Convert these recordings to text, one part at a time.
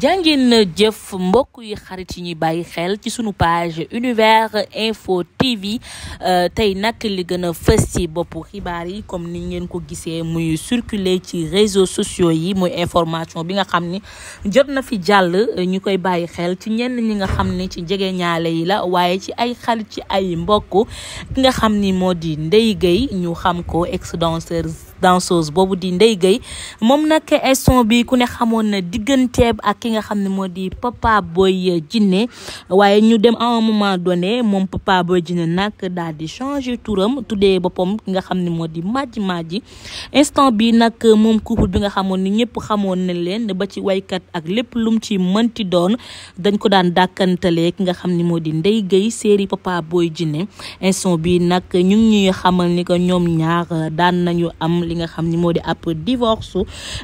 jàngeen jëf mbokk yi xarit yi ñuy bàyyi xel ci sunu page univers info tv euh, tey nag li gën a fës ci boppu xibaar yi comme ni ngeen ko gisee muy circuler ci réseaux sociaux yi muy information bi nga xam ni jot na fi jàll ñu koy bàyyi xel ci ñenn ñi nga xam ni ci jege ñaale yi la waaye ci ay xarit ci ay mbokk ki nga xam ni moo di Ndeye Gueye ñu xam ko ex danseuse danseuse boobu di Ndeye Gueye moom nag instant bi ku ne xamoon na digganteeb ak ki nga xam ne moo di Papa Boy Djiné waaye ñu dem à un moment donné moom Papa Boy Djiné nag daal di changer turam tuddee boppam ki nga xam ni moo di Madji Madji instant bi nag moom couple bi nga xamoon ni ñëpp xamoon na leen ba ci waykat ak lépp lum ci mënti doon dañ ko daan dàkkantalee ki nga xam ni moo di ndey Gueye série Papa Boy Djiné instant bi nag ñu ñuy xamal ni que ñoom li nga xam ni moo di ab divorce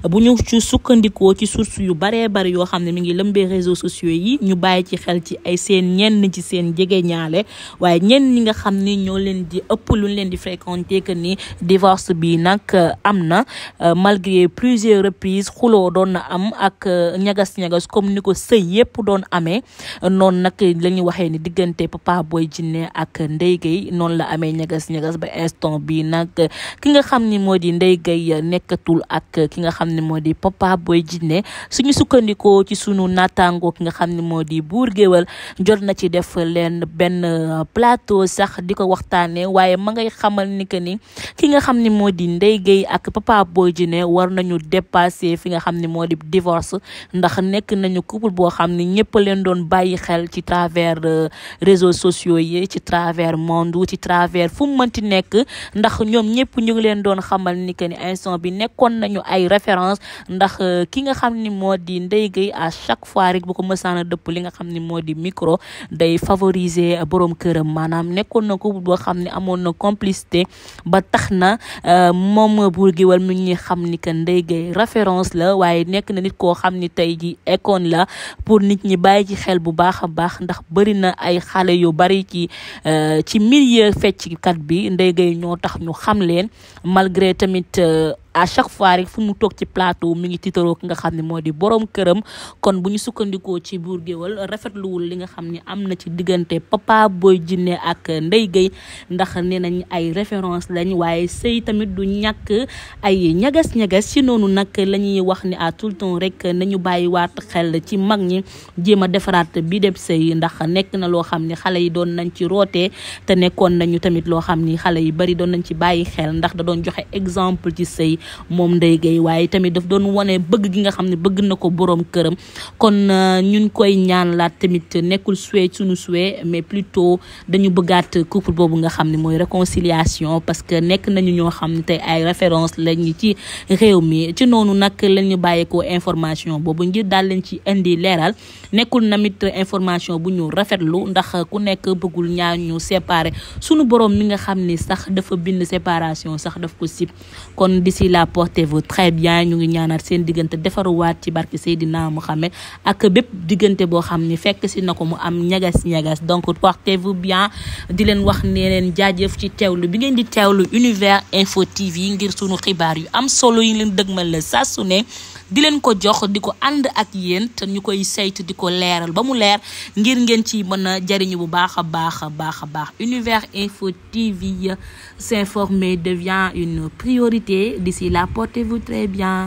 bu ñu ci sukkandikoo ci source yu baree bari yoo xam ne mu ngi lëmbee réseaux sociaux yi ñu bàyyi ci xel ci ay seen ñenn ci seen jege ñaale waaye ñenn ñi nga xam ni ñoo leen di ëpp lu leen di fréquenté que ni divorce bi nag am na euh, malgré plusieurs reprises xuloo doon na am ak euh, ñagas-ñagas comme ni ko sëy yëpp doon amee noonu nag la ñu waxee ni diggante Papa Boy Djiné ak Ndeye Gueye noonu la amee ñagas-ñagas ba instant bi nag di Ndeye Gueye nekkatul ak ki nga xam ne moo di Papa Boy Djiné suñu sukkandikoo ci suñu naataango ki nga xam ni moo di buur géwal jot na ci def leen benn plateau sax di ko waxtaanee waaye ma ngay xamal ni que ni ki nga xam ni moo di Ndeye Gueye ak Papa Boy Djiné war nañu dépasser fi nga xam ni moo di divorce ndax nekk nañu couple boo xam ni ñëpp leen doon bàyyi xel ci travers euh, réseaux sociaux yi ci travers monde ci travers fu mu nekk ndax ñoom ñëpp ñu leen doon xamal ni que ni instant bi nekkoon nañu ay référence ndax euh, ki nga xam ni moo di Ndeye Gueye à chaque fois rek bu ko mësaana dëpp li nga xam ni moo di micro day favoriser borom këram maanaam nekkoon na ko boo xam ne amoon na complicité ba tax na euh, moom buur gi wal mi ñuy xam ni que Ndeye Gueye référence la waaye nekk na nit koo xam ni tey ji école la pour nit ñi bàyyi ci xel bu baax a baax ndax bëri na ay xale yu bari ci euh, ci milieu fecckat bi Ndeye Gueye ñoo tax ñu xam tamit euh, à chaque fois rek fu mu toog ci plateau mu ngi tiitaroo ki nga xam ne moo di borom këram kon bu ñu sukkandikoo ci buur géwal rafetluwul li nga xam ni am na ci diggante Papa booy Djiné ak Ndeye Gueye ndax nee nañ ay référence lañ waaye sëy tamit du ñàkk ay ñagas-ñagas ci noonu nag la ñuy wax ni à tout le temps rek nañu bàyyi waat xel ci mag ñi jéem a defaraat bi dem sëy ndax nekk na loo xam ne xale yi doon nañ ci roote te nekkoon nañu tamit loo xam ni xale yi bari doon nañ ci bàyyi xel ndax da doon joxe exemple ci sëy moom Ndeye Gueye waaye tamit daf doon wane bëgg gi nga xam ne bëgg na ko boroom këram kon euh, ñu koy ñaan laat tamit nekkul souhait suñu souhait mais plutôt dañu bëggaat couple boobu nga xam ne mooy réconciliation parce que nekk nañu ñoo xam ne tey ay référence lañu ci réew mi ci noonu nag lañ ñu bàyyeekoo information boobu ngir daal leen ci indi leeral nekkul namit information bu ñu rafetlu ndax ku nekk bëggul ñaar ñu séparé sunu boroom mi nga xam ni sax dafa bind separation sax daf ko sib kon d'ici la portez-vous très bien ñu ngi ñaanal seen diggante defaruwaat ci barke Seydina Mohamed ak bépp diggante boo xam ni fekk si na ko mu am ñagas-ñagas donc portez-vous bien di leen wax ne leen jaajëf ci teewlu bi ngeen di teewlu Univers Info TV ngir sunu xibaar yu am solo yu leen dëgmal la saa su ne di leen ko jox di ko ànd ak yéen te ñu koy saytu di ko leeral ba mu leer ngir ngeen ci mën a jariñu bu baax a baax a baax a baax Univers Info TV s'informer devient une priorité d'ici là portez-vous très bien